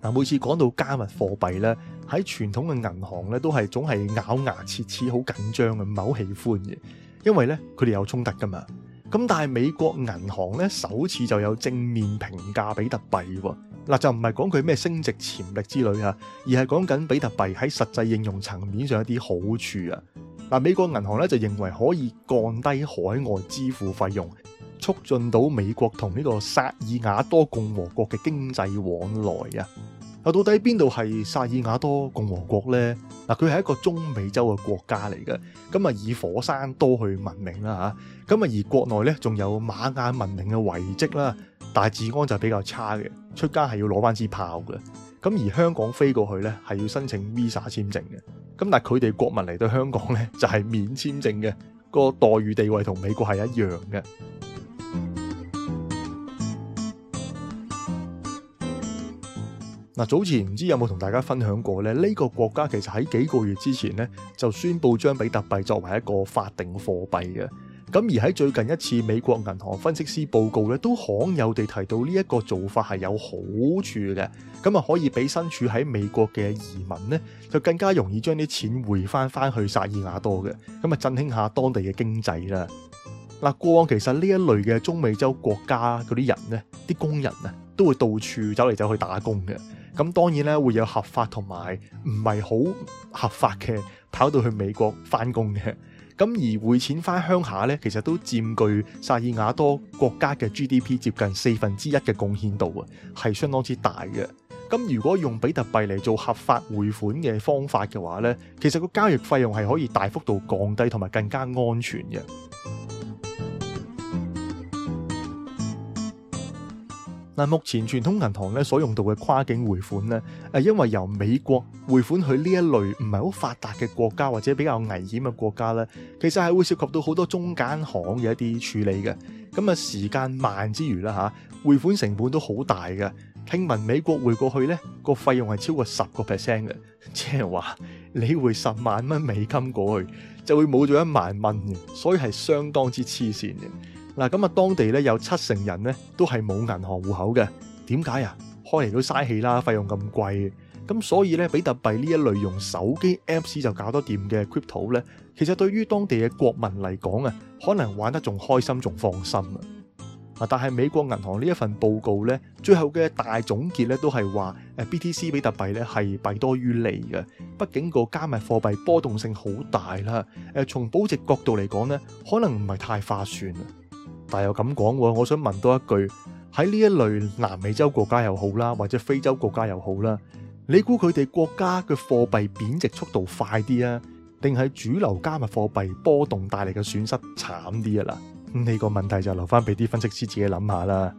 嗱，每次講到加密貨幣咧，喺傳統嘅銀行咧都係總係咬牙切齒，好緊張嘅，唔係好喜歡嘅，因為咧佢哋有衝突㗎嘛。咁但係美國銀行咧首次就有正面評價比特幣喎，嗱就唔係講佢咩升值潛力之類啊，而係講緊比特幣喺實際應用層面上一啲好處啊。嗱，美國銀行咧就認為可以降低海外支付費用。促進到美國同呢個薩爾瓦多共和國嘅經濟往來啊。啊，到底邊度係薩爾瓦多共和國呢？嗱，佢係一個中美洲嘅國家嚟嘅。咁啊，以火山多去聞名啦嚇。咁啊，而國內呢，仲有瑪雅文明嘅遺跡啦。但係治安就比較差嘅，出街係要攞翻支炮嘅。咁而香港飛過去呢，係要申請 visa 簽證嘅。咁但係佢哋國民嚟到香港呢，就係免簽證嘅。個待遇地位同美國係一樣嘅。嗱，早前唔知有冇同大家分享過咧？呢、呢個國家其實喺幾個月之前呢，就宣布將比特幣作為一個法定貨幣嘅。咁而喺最近一次美國銀行分析師報告咧，都罕有地提到呢一個做法係有好處嘅。咁啊，可以俾身處喺美國嘅移民呢，就更加容易將啲錢回翻翻去薩爾瓦多嘅。咁啊，振興下當地嘅經濟啦。嗱，過往其實呢一類嘅中美洲國家嗰啲人呢，啲工人啊，都會到處走嚟走去打工嘅。咁當然咧，會有合法同埋唔係好合法嘅跑到去美國翻工嘅。咁而匯錢翻鄉下呢，其實都佔據薩爾瓦多國家嘅 GDP 接近四分之一嘅貢獻度啊，係相當之大嘅。咁如果用比特幣嚟做合法匯款嘅方法嘅話呢，其實個交易費用係可以大幅度降低，同埋更加安全嘅。嗱，目前傳統銀行咧所用到嘅跨境匯款咧，誒，因為由美國匯款去呢一類唔係好發達嘅國家或者比較危險嘅國家咧，其實係會涉及到好多中間行嘅一啲處理嘅。咁啊，時間慢之餘啦，嚇匯款成本都好大嘅。聽聞美國匯過去咧，個費用係超過十個 percent 嘅，即係話你匯十萬蚊美金過去就會冇咗一萬蚊嘅，所以係相當之黐線嘅。嗱，咁啊，當地咧有七成人咧都係冇銀行戶口嘅，點解啊？開嚟都嘥氣啦，費用咁貴，咁所以咧比特幣呢一類用手機 App 就搞得掂嘅 crypto 咧，其實對於當地嘅國民嚟講啊，可能玩得仲開心仲放心啊！但係美國銀行呢一份報告咧，最後嘅大總結咧都係話，誒 BTC 比特幣咧係弊多於利嘅，畢竟個加密貨幣波動性好大啦，誒從保值角度嚟講咧，可能唔係太劃算。但又咁講，我想問多一句：喺呢一類南美洲國家又好啦，或者非洲國家又好啦，你估佢哋國家嘅貨幣貶值速度快啲啊，定係主流加密貨幣波動帶嚟嘅損失慘啲啊？嗱，呢個問題就留翻俾啲分析師自己諗下啦。